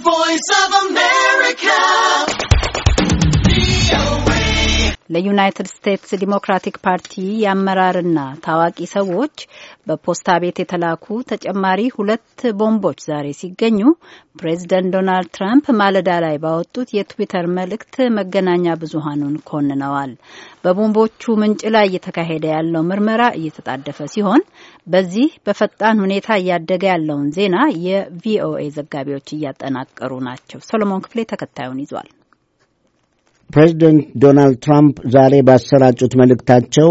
voice of a man. ለዩናይትድ ስቴትስ ዲሞክራቲክ ፓርቲ የአመራርና ታዋቂ ሰዎች በፖስታ ቤት የተላኩ ተጨማሪ ሁለት ቦምቦች ዛሬ ሲገኙ ፕሬዚደንት ዶናልድ ትራምፕ ማለዳ ላይ ባወጡት የትዊተር መልእክት መገናኛ ብዙሃኑን ኮንነዋል። በቦምቦቹ ምንጭ ላይ እየተካሄደ ያለው ምርመራ እየተጣደፈ ሲሆን በዚህ በፈጣን ሁኔታ እያደገ ያለውን ዜና የቪኦኤ ዘጋቢዎች እያጠናቀሩ ናቸው። ሰሎሞን ክፍሌ ተከታዩን ይዟል። ፕሬዚደንት ዶናልድ ትራምፕ ዛሬ ባሰራጩት መልእክታቸው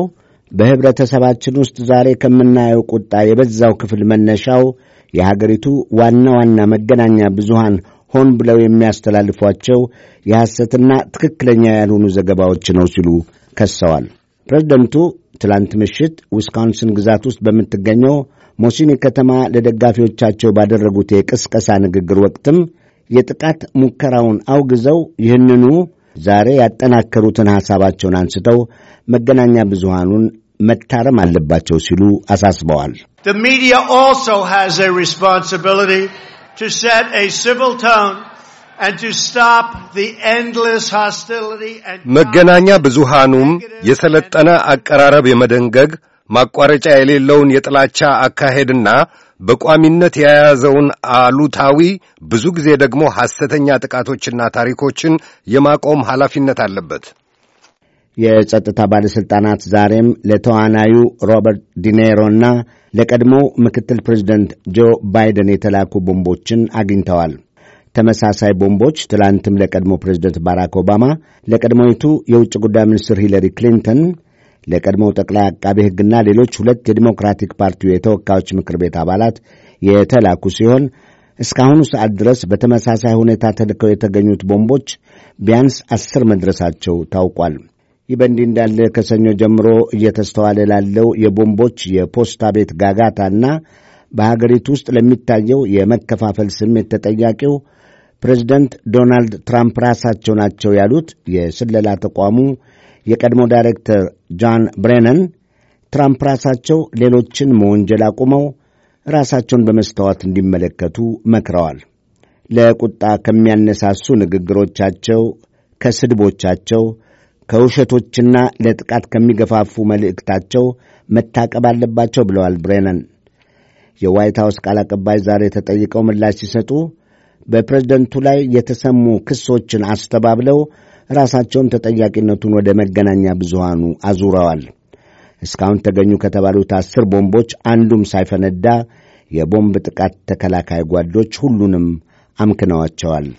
በህብረተሰባችን ውስጥ ዛሬ ከምናየው ቁጣ የበዛው ክፍል መነሻው የሀገሪቱ ዋና ዋና መገናኛ ብዙሃን ሆን ብለው የሚያስተላልፏቸው የሐሰትና ትክክለኛ ያልሆኑ ዘገባዎች ነው ሲሉ ከሰዋል። ፕሬዚደንቱ ትላንት ምሽት ዊስኮንስን ግዛት ውስጥ በምትገኘው ሞሲኒ ከተማ ለደጋፊዎቻቸው ባደረጉት የቅስቀሳ ንግግር ወቅትም የጥቃት ሙከራውን አውግዘው ይህንኑ ዛሬ ያጠናከሩትን ሐሳባቸውን አንስተው መገናኛ ብዙሃኑን መታረም አለባቸው ሲሉ አሳስበዋል። መገናኛ ብዙሃኑም የሰለጠነ አቀራረብ የመደንገግ ማቋረጫ የሌለውን የጥላቻ አካሄድና በቋሚነት የያዘውን አሉታዊ ብዙ ጊዜ ደግሞ ሐሰተኛ ጥቃቶችና ታሪኮችን የማቆም ኃላፊነት አለበት። የጸጥታ ባለሥልጣናት ዛሬም ለተዋናዩ ሮበርት ዲኔሮና ለቀድሞ ምክትል ፕሬዚደንት ጆ ባይደን የተላኩ ቦምቦችን አግኝተዋል። ተመሳሳይ ቦምቦች ትላንትም ለቀድሞ ፕሬዚደንት ባራክ ኦባማ፣ ለቀድሞይቱ የውጭ ጉዳይ ሚኒስትር ሂለሪ ክሊንተን ለቀድሞው ጠቅላይ አቃቤ ሕግና ሌሎች ሁለት የዲሞክራቲክ ፓርቲው የተወካዮች ምክር ቤት አባላት የተላኩ ሲሆን እስካሁኑ ሰዓት ድረስ በተመሳሳይ ሁኔታ ተልከው የተገኙት ቦምቦች ቢያንስ አስር መድረሳቸው ታውቋል። ይህ በእንዲህ እንዳለ ከሰኞ ጀምሮ እየተስተዋለ ላለው የቦምቦች የፖስታ ቤት ጋጋታና በሀገሪቱ ውስጥ ለሚታየው የመከፋፈል ስሜት ተጠያቂው ፕሬዚደንት ዶናልድ ትራምፕ ራሳቸው ናቸው ያሉት የስለላ ተቋሙ የቀድሞ ዳይሬክተር ጃን ብሬነን ትራምፕ ራሳቸው ሌሎችን መወንጀል አቁመው ራሳቸውን በመስተዋት እንዲመለከቱ መክረዋል። ለቁጣ ከሚያነሳሱ ንግግሮቻቸው፣ ከስድቦቻቸው፣ ከውሸቶችና ለጥቃት ከሚገፋፉ መልእክታቸው መታቀብ አለባቸው ብለዋል ብሬነን። የዋይት ሐውስ ቃል አቀባይ ዛሬ ተጠይቀው ምላሽ ሲሰጡ በፕሬዝደንቱ ላይ የተሰሙ ክሶችን አስተባብለው ራሳቸውን ተጠያቂነቱን ወደ መገናኛ ብዙሃኑ አዙረዋል። እስካሁን ተገኙ ከተባሉት አስር ቦምቦች አንዱም ሳይፈነዳ የቦምብ ጥቃት ተከላካይ ጓዶች ሁሉንም አምክነዋቸዋል።